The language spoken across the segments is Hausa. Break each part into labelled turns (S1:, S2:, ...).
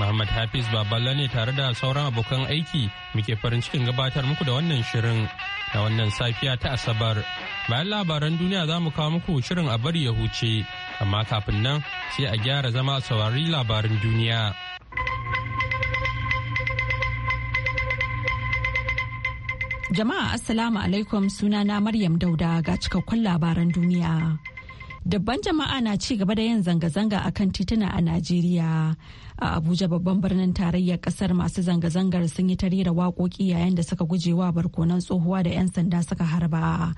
S1: Muhammad Hafiz Baballa ne tare da sauran abokan aiki muke farin cikin gabatar muku da wannan shirin da wannan safiya ta Asabar. Bayan labaran duniya za mu kawo muku shirin a bari ya huce, amma kafin nan sai a gyara zama a saurari labarin duniya.
S2: Jama'a Assalamu alaikum sunana Maryam Dauda ga cikakkun labaran duniya. dabban jama'a na ci gaba da yin zanga-zanga a kan tituna a najeriya a abuja babban birnin tarayyar kasar masu zanga-zangar sun yi tare da waƙoƙi yayin da suka gujewa barkonan tsohuwa da 'yan sanda suka harba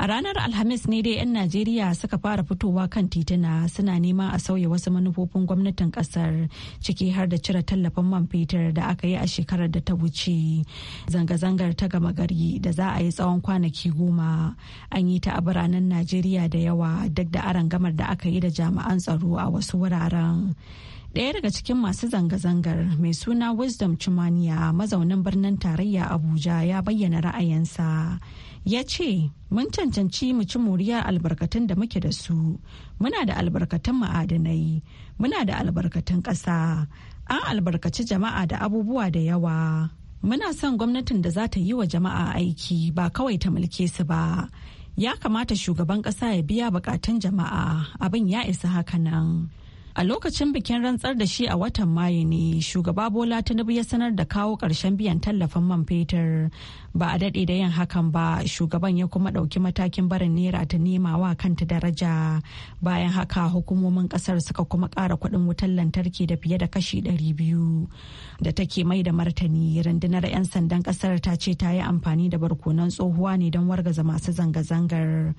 S2: A ranar Alhamis ne dai 'yan Najeriya suka fara fitowa kan tituna suna nema a sauya wasu manufofin gwamnatin kasar ciki har da cire tallafin man fetur da aka yi a shekarar da ta wuce. Zanga-zangar ta gama gari da za a yi tsawon kwanaki goma. An yi ta a biranen Najeriya da yawa duk da gamar da aka yi da jami'an tsaro a wasu wuraren. Ɗaya daga cikin masu zanga-zangar mai suna Wisdom Chumaniya mazaunin birnin tarayya Abuja ya bayyana ra'ayinsa. ya ce mun cancanci mu ci moriya albarkatun da muke da su muna da albarkatun ma'adanai muna da albarkatun ƙasa an albarkaci jama'a da abubuwa da yawa muna son gwamnatin da za ta yi wa jama'a aiki ba kawai ta mulke su ba ya kamata shugaban ƙasa ya biya bukatun jama'a abin ya isa haka nan A lokacin bikin rantsar da shi a watan Mayu ne, shugaba Bola Tinubu ya sanar da kawo ƙarshen biyan tallafin man fetur. Ba a daɗe da yin hakan ba, shugaban ya kuma ɗauki matakin barin naira ta nema wa kanta daraja. Bayan haka hukumomin ƙasar suka kuma ƙara kuɗin wutar lantarki da fiye da kashi ɗari biyu. Da take mai da martani, rundunar 'yan sandan ƙasar ta ce ta yi amfani da barkonan tsohuwa ne don wargaza masu zanga-zangar.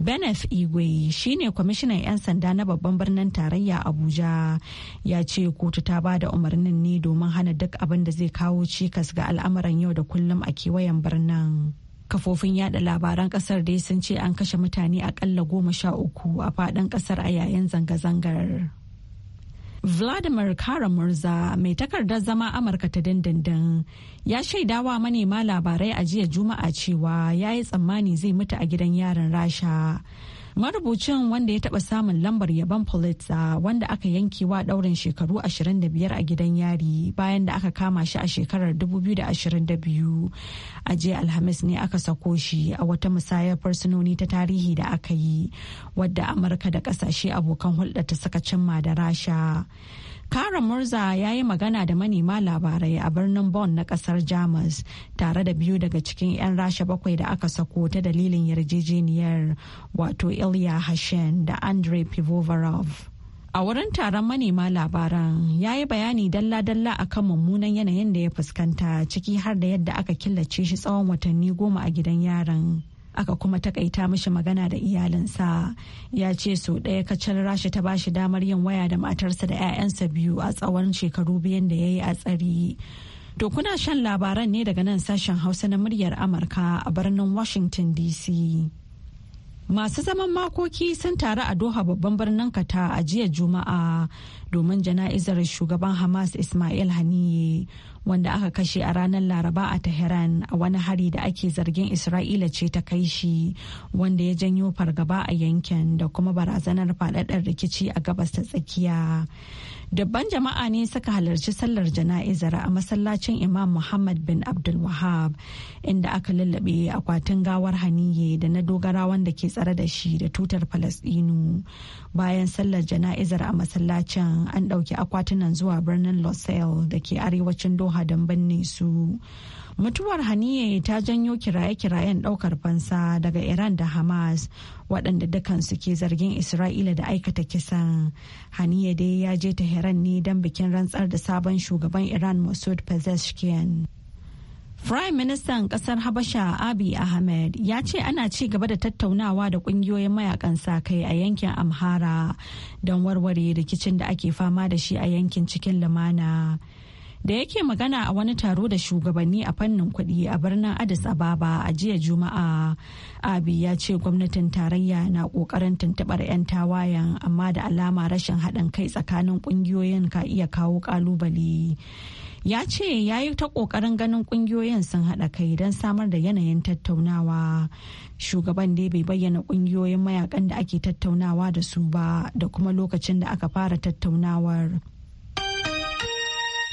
S2: Benef Igwe shine kwamishinan 'yan sanda na babban birnin tarayya abu abuja ya ce kotu ta ba da umarnin ne domin hana duk abin da zai kawo cikas ga al'amuran yau da kullum a kewayen birnin kafofin yada labaran kasar dai sun ce an kashe mutane akalla goma sha uku a fadin kasar a yayin zanga-zangar Vladimir karamurza mai takardar zama Amurka ta dindindin ya shaidawa manema labarai a jiya Juma'a cewa ya yi tsammani zai mutu a gidan yaran Rasha. marubucin wanda ya taba samun lambar yabon pulitzer wanda aka yanke wa daurin shekaru 25 a gidan yari bayan da aka kama shi a shekarar 2022 a jiya alhamis ne aka sako shi a wata musayar fursunoni ta tarihi da aka yi wadda amurka da kasashe abokan hulɗa ta saka cimma da rasha Kara Murza ya yi magana da manema labarai a birnin Bonn na kasar Jamus tare da biyu daga cikin 'yan rasha bakwai da aka sako ta dalilin yarjejeniyar wato Ilya Hashen da Andrey Pivovarov. A wurin taron manema labaran ya yi bayani dalla-dalla a kan mummunan yanayin da ya fuskanta ciki har da yadda aka killace shi tsawon watanni goma a gidan yaron. aka kuma takaita mishi magana da iyalinsa ya ce sau ɗaya kacal rashi ta bashi damar yin waya da matarsa da 'ya'yansa biyu a tsawon shekaru biyan da ya yi a tsari to kuna shan labaran ne daga nan sashen hausa na muryar amurka a birnin washington dc Masu zaman makoki sun taru a Doha babban birnin Kata a jiya Juma'a domin jana'izar shugaban Hamas Ismail Haniye wanda aka kashe a ranar Laraba a Tehran a wani hari da ake zargin Isra'ila ce ta kai shi wanda ya janyo fargaba a yankin da kuma barazanar faɗaɗar rikici a gabas ta tsakiya. Dabban jama'a ne suka halarci sallar jana'izar a masallacin Imam Muhammad bin Abdul Wahab inda aka lallabe akwatin gawar haniye da na dogara wanda ke tsare da shi da tutar Falasɗinu. Bayan sallar jana'izar a masallacin an ɗauki akwatunan zuwa birnin Losail da ke arewacin Doha don binne su. Mutuwar haniye ta janyo kiraye-kirayen ɗaukar fansa daga Iran da Hamas waɗanda dukansu ke zargin isra'ila da aikata kisan haniya dai ya je tehran ne don bikin rantsar da sabon shugaban iran masoud pezeshkian Prime Ministan kasar Habasha abi Ahmed ya ce ana ci gaba da tattaunawa da kungiyoyin mayakan sa-kai a yankin Amhara don warware rikicin da ake fama da shi a yankin cikin lumana. da yake magana a wani taro da shugabanni a fannin kuɗi a birnin adis ababa a jiya juma'a abi ya ce gwamnatin tarayya na ƙoƙarin tuntuɓar 'yan tawayen amma da alama rashin haɗin kai tsakanin ƙungiyoyin ka iya kawo ƙalubale ya ce ya yi ta ƙoƙarin ganin ƙungiyoyin sun haɗa kai don samar da yanayin tattaunawa shugaban dai bai bayyana ƙungiyoyin mayakan da ake tattaunawa da su ba da kuma lokacin da aka fara tattaunawar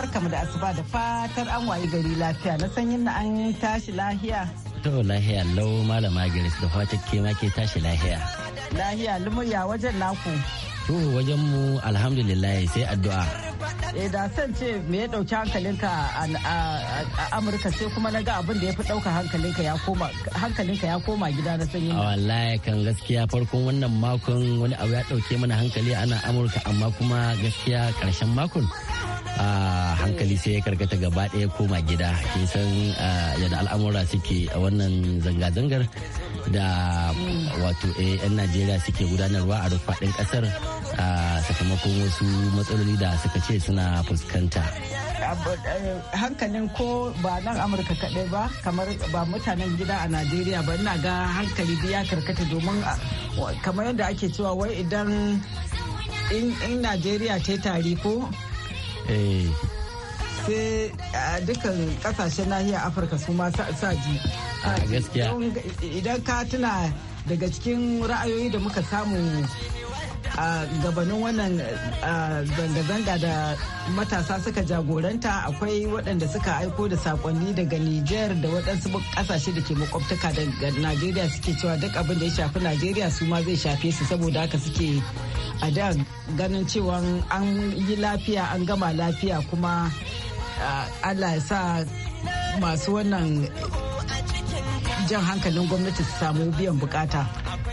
S3: barkamu da asuba da fatar an wayi gari lafiya na sanyin na an tashi lahiya.
S4: To lahiya lau malama Grace da fata ke ke tashi lahiya.
S3: Lahiya lumurya wajen naku.
S4: To wajen mu alhamdulillah sai addu'a.
S3: Eh da san ce me ya dauki hankalinka a Amurka sai kuma na ga abin da ya fi dauka hankalinka ya koma hankalinka ya koma gida na sanyi. A
S4: wallahi kan gaskiya farkon wannan makon wani abu ya dauke mana hankali ana Amurka amma kuma gaskiya karshen makon a hankali sai ya karkata gaba ɗaya koma gida kin san yadda al'amura suke a wannan zanga-zangar da wato 'yan eh, najeriya suke gudanarwa a rufaɗin ƙasar sakamakon wasu matsaloli da suka ce suna fuskanta
S3: hankalin ko ba nan amurka kaɗai ba kamar ba mutanen gida a najeriya ba ina ga hankali ya karkata domin kamar yadda ake cewa wai idan in najeriya ta yi tari ko Eh. sai dukkan kasashen nahiyar afirka su ma sa ji idan ka tuna daga cikin ra'ayoyi da muka samu a gabanin wannan zanga-zanga da matasa suka jagoranta akwai waɗanda suka aiko da sakonni daga Nijar da waɗansu ƙasashe da ke makwabtaka daga Najeriya suke cewa duk abin da ya shafi Najeriya su ma zai shafe su saboda haka suke a da ganin cewa an yi lafiya an gama lafiya kuma Allah ya sa masu wannan jan hankalin gwamnati su samu biyan bukata.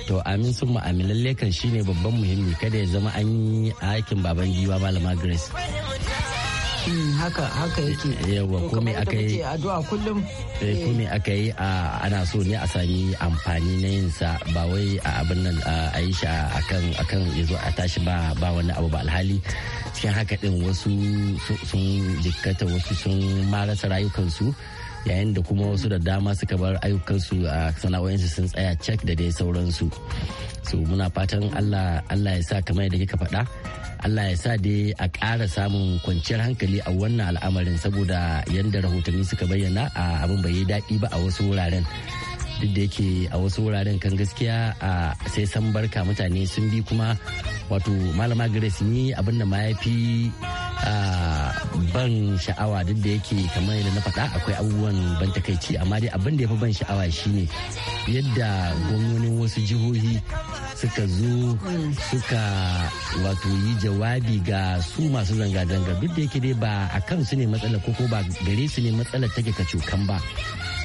S4: To amin sun mu'amilan kan shine babban muhimmi kada ya zama an yi aikin baban giwa malama Grace. Hmm, haka haka yake yawa kome aka yi addu'a kullum eh, kome aka yi ana so ne a sami amfani na yin sa ba wai a abin nan a yi shi akan akan yazo a tashi ba ba wani abu ba alhali cikin haka din wasu sun jikkata wasu sun marasa rayukansu yayin da kuma wasu da dama suka bar ayyukansu a sana'o'insu sun tsaya cek da dai sauransu so muna fatan allah ya sa kamar yadda kika faɗa Allah ya sa dai a ƙara samun kwanciyar hankali a wannan al'amarin saboda yadda rahotanni suka bayyana a abin bai yi daɗi ba a wasu wuraren duk da yake a wasu wuraren kan gaskiya a sai san barka mutane sun bi kuma wato malama grace ni abin da ma ya fi ban sha'awa duk da yake kamar yadda na faɗa akwai abubuwan ban takaici amma dai abin da ya fi ban sha'awa shi ne yadda gwamnonin wasu jihohi suka zo suka wato yi jawabi ga su masu zanga-zanga duk da yake dai ba a kansu ne matsala ko ba gare su ne matsalar take kacokan ba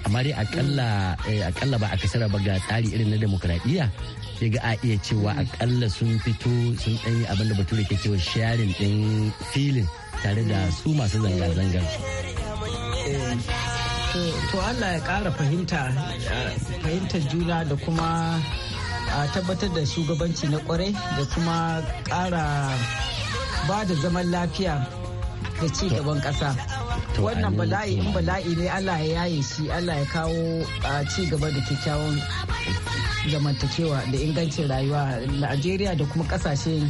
S4: kamar akalla eh, akalla ba a kasar ba ga tsari irin na demokradiyya sai ga a iya cewa akalla sun fito sun ɗan yi abin da bature ke cewa sharin ɗin filin tare da su masu zanga-zangar.
S3: Eh, to Allah ya ƙara fahimta fahimtar juna da kuma a tabbatar da shugabanci na kwarai da kuma ƙara ba da zaman lafiya da ci gaban ƙasa. wannan bala'i in bala'i ne Allah ya yaye shi Allah ya kawo ci gaba da kyakkyawan zamantakewa da ingancin rayuwa Najeriya da kuma kasashe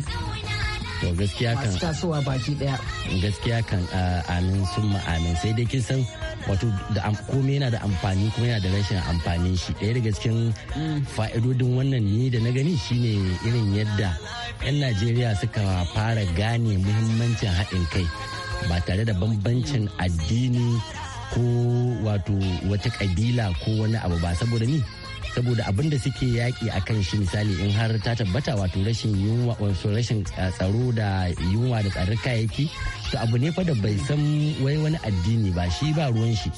S4: to gaskiya kan
S3: tasowa baki daya
S4: gaskiya kan amin sun ma'amin sai dai kin san wato da komai yana da amfani kuma yana da rashin amfanin shi ɗaya daga cikin mm. fa'idodin wannan ne da na gani shine irin yadda 'yan najeriya suka fara gane muhimmancin haɗin kai ba tare da bambancin addini ko wato wata kabila ko wani abu ba saboda ni saboda abin da suke yaƙi a kan shi misali in har ta tabbata wato rashin yunwa wato rashin eh, tsaro da yunwa da tsarar kayayyaki to abu ne fa da bai san wai wani addini ba shi ba ruwan shi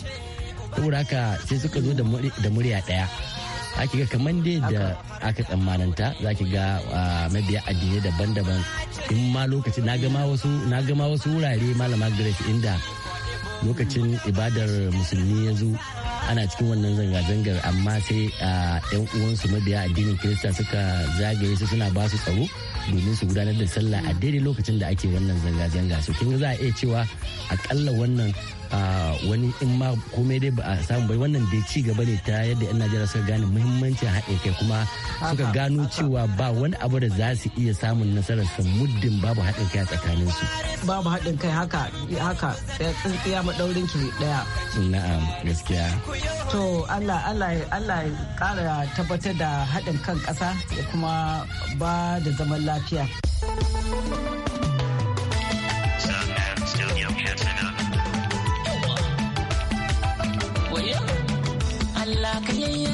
S4: saboda haka sai suka zo da murya ɗaya ake ga kamar dai da aka tsammananta za ki ga mabiya addinai daban-daban in ma lokaci na gama wasu wurare malama grace inda lokacin ibadar musulmi ya zo ana cikin wannan zanga-zangar amma sai yan uwansu mabiya addinin kirista suka zagaye su suna basu tsaro domin su gudanar da sallah a daidai lokacin da ake wannan zanga-zanga su kin za a iya cewa akalla wannan A wani in ma komai dai ba a samu bai wannan dai ci gaba ne ta yadda 'yan najeriya suka gane muhimmancin haɗin kai kuma suka gano cewa ba wani abu da za su iya samun nasarar su muddin babu haɗin kai a tsakanin su
S3: babu haɗin kai haka haka tsintsiya madaurin ki daya
S4: na'am gaskiya
S3: to Allah Allah Allah ya kara tabbatar da haɗin kan ƙasa ya kuma ba da zaman lafiya lafiyayya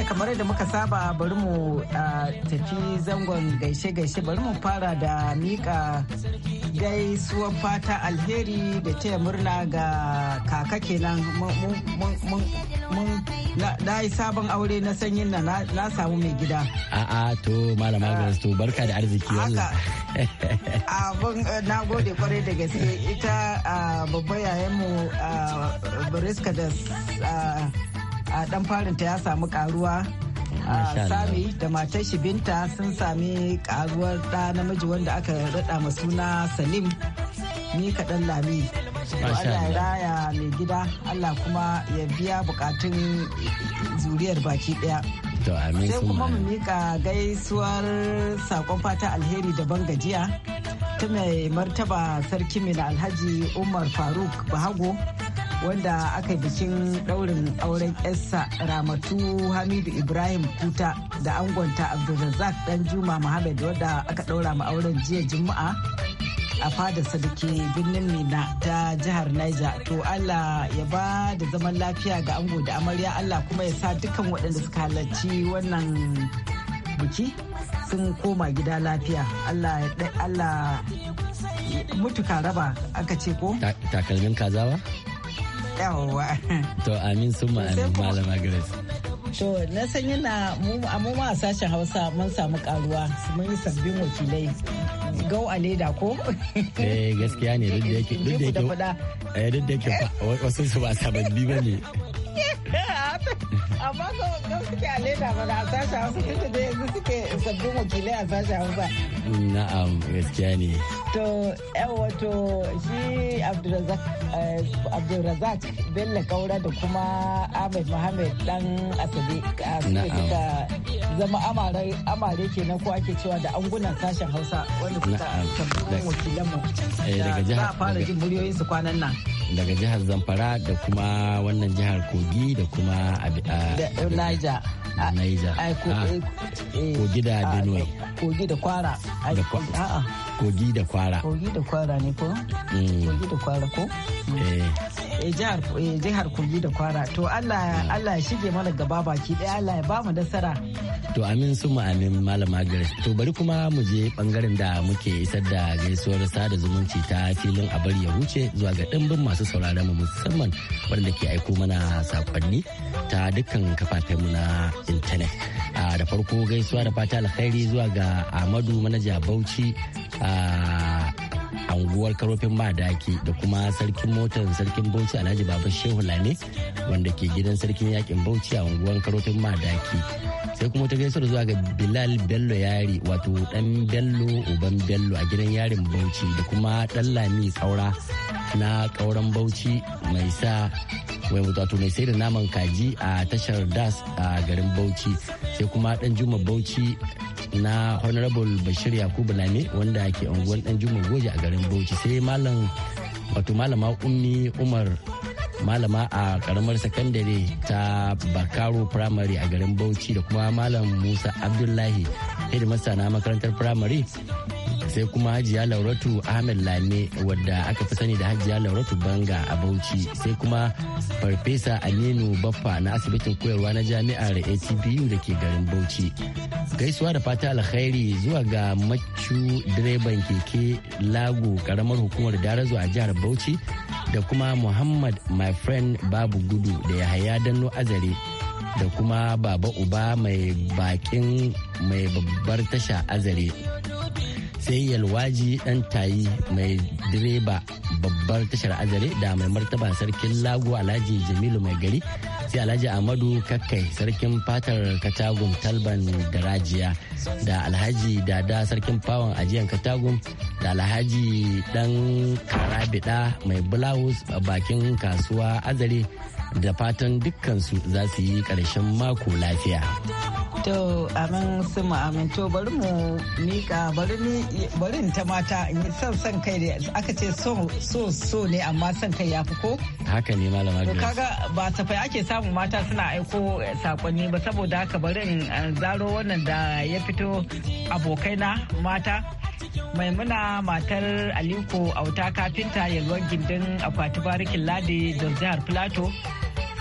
S3: Madalla kamar da muka saba bari mu ah, tafi zangon gaishe-gaishe bari mu fara da mika gaisuwar fata alheri da taya murna ga kaka kenan na yi sabon aure na sanyin na na samu mai gida.
S4: A'a to malama ah. to barka da arziki wallah.
S3: Abin eh, na gode kwarai da gaske ita ah, babba yayanmu mu Bariska da a dan farinta ya samu karuwa sami da matar shi binta sun sami karuwar da namiji wanda aka raɗa ma suna salim ni kaɗan lami Allah ya raya mai gida Allah kuma ya biya bukatun zuriyar baki ɗaya
S4: sai kuma mu
S3: mika gaisuwar sakon fata alheri daban gajiya ta mai martaba sarki mina alhaji umar faruk bahago wanda aka bikin ɗaurin auren yarsa ramatu hamidu ibrahim kuta da angonta abdulrazak dan juma muhammad wanda aka ɗaura ma auren jiya juma'a a fada sadake birnin mina ta jihar niger to allah ya ba da zaman lafiya ga ango da amarya allah kuma ya sa dukkan waɗanda suka halarci wannan biki sun koma gida lafiya allah mutu ka raba aka ce ko
S4: takalmin kazawa yawwa to amin sun ma'amin malama grace
S3: to na san yana mu ma a sashen hausa mun samu karuwa mun yi sabbin wakilai
S4: gau a leda ko? Eh gaskiya ne duk da yake duk da yake eh, duk da yake wasu su ba sababbi ba ne.
S3: Amma ko suke a leda ba da a sashen hausa duk da yanzu suke sabbin wakilai a sashen hausa.
S4: Na'am gaskiya ne.
S3: To wato shi eh, Abdulrazak Bello Kaura da kuma Ahmed Mohamed dan Asabe eh, suka zama amare amare kenan ko ake cewa da angunan sashen Hausa wanda suka tambayi Daga eh, jihar za a fara jin muryoyin su kwanan nan.
S4: Daga jihar Zamfara da kuma wannan jihar Kogi da kuma Da Niger. Niger. Ah. Eh, eh, kogi da ah, Benue. Kogi da kwara. Kogi da kwara. Kogi da kwara ne ko? Mm. Kogi da kwara ko? Eh.
S3: Eh, eh, jihar kogi da kwara to allah allah ya shige mana gaba baki daya allah ya bamu nasara
S4: to amin su amin malama grace to bari kuma mu je bangaren da muke isar da gaisuwar sada zumunci ta filin abar ya huce zuwa ga dimbin masu sauraron mu musamman wanda ke aiko mana sakonni ta dukkan kafafen mu na intanet da farko gaisuwa da fata alkhairi zuwa ga ahmadu manaja bauchi anguwar karofin madaki da kuma sarkin motar sarkin bauchi alhaji baba shehu lame wanda ke gidan sarkin yakin bauchi a unguwar karofin madaki sai kuma ta gaisar zuwa ga bilal bello yari wato dan bello uban bello a gidan yarin bauchi da kuma dan lami tsaura na kauran bauchi mai sa wai wato mai sayar da naman kaji a tashar das a garin bauchi sai kuma dan juma bauchi na honorable bashir yakubu lami wanda ke unguwan dan juma goje a garin bauchi sai malam wato malama ummi umar malama a karamar sakandare ta bakaro primary a garin bauchi da kuma malam musa abdullahi hedimasta na makarantar primary sai kuma hajiya lauratu ahmed lame wadda aka fi sani da hajiya lauratu banga a bauchi sai kuma farfesa aminu baffa na asibitin koyarwa na jami'ar atbu da ke garin bauchi gaisuwa da fata alkhairi zuwa ga macu direban keke lago karamar hukumar darazo a jihar bauchi da kuma muhammad my friend babu gudu da yahaya danno azare da kuma baba uba mai bakin mai babbar tasha azare sai yalwaji dan tayi mai direba babbar tashar azare da mai martaba sarkin lagu alhaji jamilu mai gari sai alhaji amadu kakkai sarkin fatar katagum talban da rajiya da alhaji dada sarkin fawon ajiyan katagum da alhaji dan karabida mai bulawus a bakin kasuwa azare da fatan dukkansu za su yi ƙarshen mako lafiya.
S3: To amin su mu aminto bari mu mika bari barin ta mata son son kai da aka ce so so so ne amma son kai yafi ko?
S4: Haka ne malama Grace. kaga
S3: ba fa ake samun mata suna aiko eh, sakonni ba saboda haka bari eh, zaro wannan da ya fito abokaina mata maimuna matar aliko auta kafinta yalwar gindin akwati barikin ladi da jihar plateau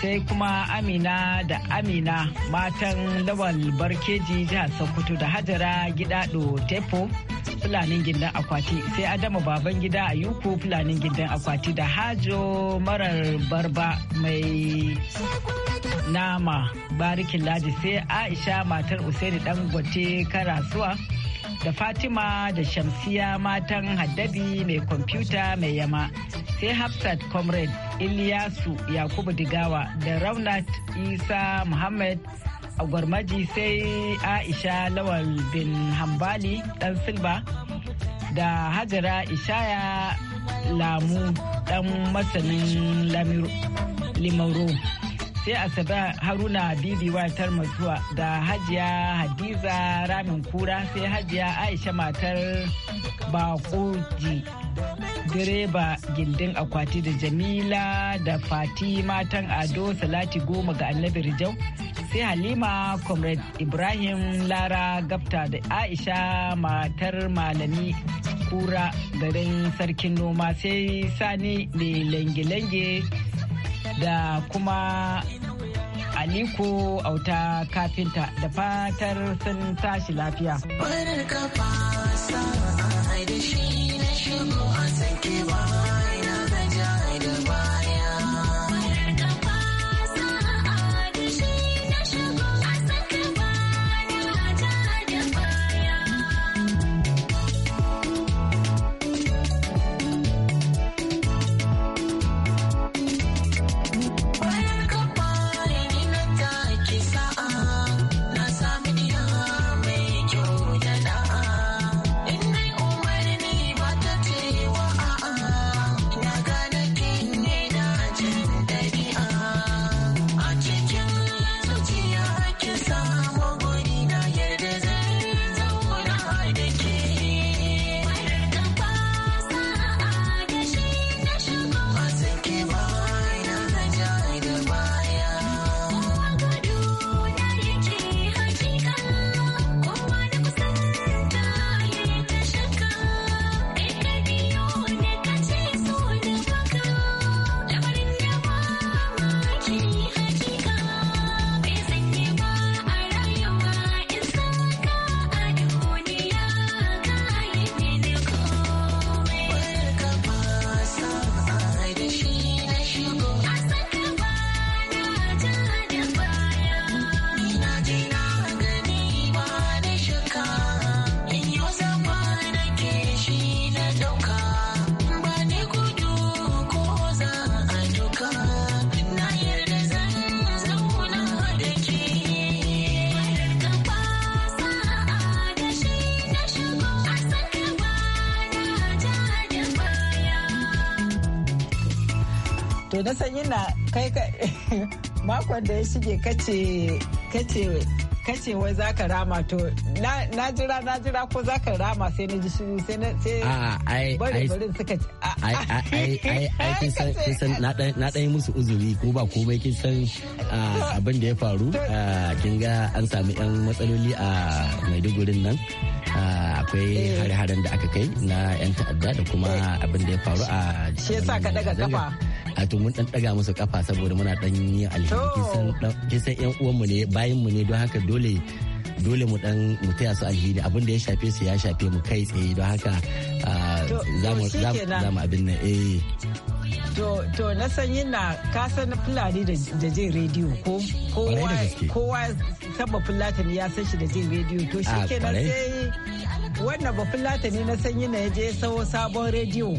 S3: sai kuma amina da amina matan lawal barkeji jihar sokoto da hajara gidado tepo fulanin gindin akwati sai adama baban gida a yuku fulanin gindin akwati da hajo marar barba mai nama barikin ladi sai aisha matar usaini gwate karasuwa da fatima da shamsiya matan haddabi mai kwamfuta mai yama sai hafsat comrade iliyasu yakubu digawa da raunat isa muhammad a gwarmaji sai aisha lawal bin hambali dan silba da hajara ishaya lamu dan masanin limauro sai asabe haruna bibi watar masuwa da hajiya hadiza ramin kura sai hajiya aisha matar bakoji direba gindin akwati da jamila da fati matan ado salati goma ga annabi rijau sai halima comrade ibrahim lara gafta da aisha matar malami kura garin sarkin noma sai sani mai lange-lange da kuma Aliko Auta Kafinta da fatar sun tashi lafiya. Farar
S5: kafa ai da shi na shigo a sakewa.
S3: to na san yana kai makon da ya shige kace kace kace wai za ka rama to na jira na jira ko za ka rama sai na ji shiru sai na
S4: sai bari bari suka ai ai ai kin san kin na dan na musu uzuri ko ba komai kin san abin da ya faru kin ga an sami yan matsaloli a Maidugurin nan akwai eh. hare-haren da aka kai na yan ta'adda da kuma eh. abin da ya faru a shi yasa ka daga kafa a to mun dan daga musu kafa saboda muna dan yi alheri kin san yan uwan mu ne bayan mu ne don haka dole dole mu dan mu taya su alheri abin da ya shafe su ya shafe mu kai tsaye don haka ah, za mu za mu abin nan eh
S3: to na sanyin na san fulani da jin rediyo ko kowa saboda fulatani ya san shi da jin rediyo to shi kenan sai wannan ba fulatani na sanyi na ya je sawo sabon rediyo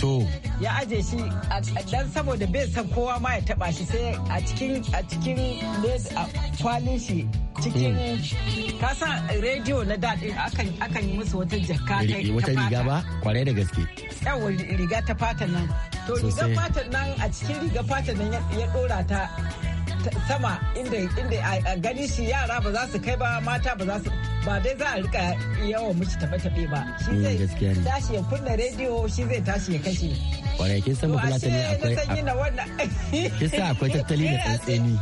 S3: to ya aje shi a dan saboda bai san kowa ma ya taba shi sai a cikin a cikin kwalin shi cikin hmm. ka san rediyo na daɗi akan yi musu wata jaka wata riga
S4: ba kwarai da gaske
S3: yawa riga ta fata nan to riga fata nan a cikin riga fata nan ya dora ta sama inda a gani shi yara ba za su kai ba mata ba za su ba dai za a rika yawan mushi tafe-tafe ba
S4: shi mm, zai
S3: tashi ya kunna rediyo shi zai tashi ya kashe
S4: Wani kin san mafi ta ne
S3: akwai kisa akwai tattali da tsantseni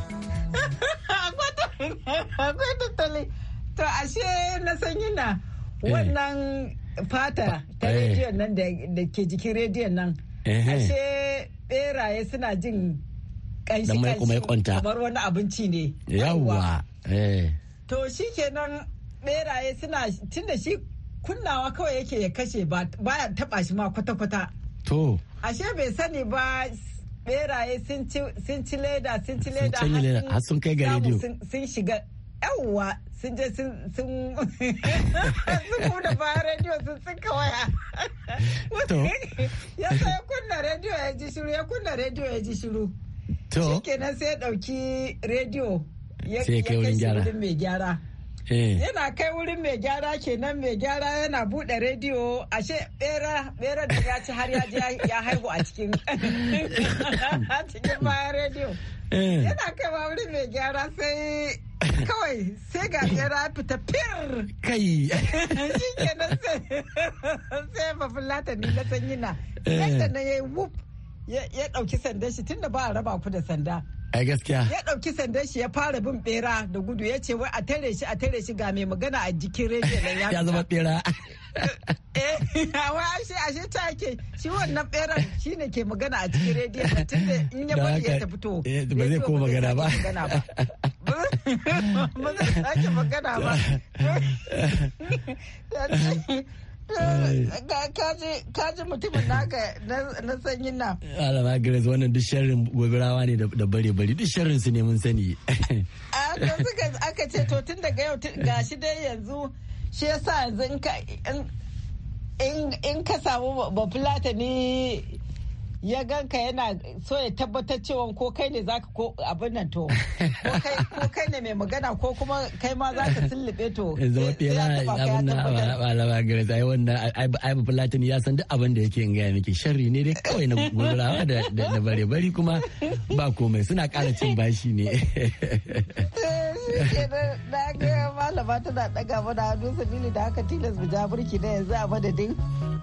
S3: akwai tattali to ashe na san yana eh. wannan fata ta eh. rediyon nan da ke jikin rediyon nan eh. ashe beraye suna jin
S4: kanshi kanshi kamar wani abinci ne yawwa
S3: to shi kenan beraye suna tunda shi kunnawa kawai yake ya kashe ba baya taba shi ma kwata-kwata to ashe bai sani ba beraye sun ci leda sun ci leda har sun kai ga rediyo sun shiga yawwa sun je sun sun kuna bayan rediyo sun tsinka waya ya sa ya kunna rediyo ya ji shiru ya kunna rediyo ya ji shiru shikenan sai ya dauki rediyo ya kai wurin mai gyara Eh. yana kai wurin mai gyara kenan mai gyara yana bude rediyo ashe bera bera da ya ci har ya haihu a cikin cikin bayan rediyo eh. yana kai wurin mai gyara sai kawai sai ga ya fita fir kai shi kenan sai bafin latani na sanyi na yadda eh. na ya yi wuf ya dauki sanda shi tunda ba a raba ku da sanda
S4: a gaskiya ya
S3: ɗauki sandan shi ya fara bin bera da gudu ya ce wai a tare shi a tare shi ga mai magana a jikin rediyo nan ya zama bera eh wai ashe ashe ta ke shi wannan shi shine ke magana a cikin rediyo tun da in ya bari ya tafi to eh, ba zai ko magana ba ba zai sake magana ba kaji mutumin naka na sanyin na.
S4: Alama Grace wannan duk sharrin gobirawa ne da bare bari duk sharrin su ne mun sani.
S3: aka ce to tun daga yau ga shi dai yanzu shi yasa yanzu in ka samu bafulata ni ya ganka yana so ya tabbatar cewa ko kai ne zaka ko abin nan to ko kai ne mai magana ko kuma kai ma zaka sullube to
S4: zama na abin nan malama gare zai wannan aibu ya san duk abin da yake gaya miki sharri ne dai kawai na gurawa da bare bari kuma ba komai suna kara cin bashi ne
S3: na ga malama tana daga mana hannu sabili da haka tilas mu ja burki na yanzu a madadin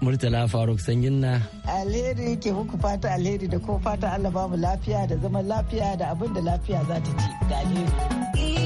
S4: murtala faruk sanyin na
S3: alheri ke muku fata alheri da kuma fata allah ba lafiya da zaman lafiya da abin da lafiya za ta ci da alheri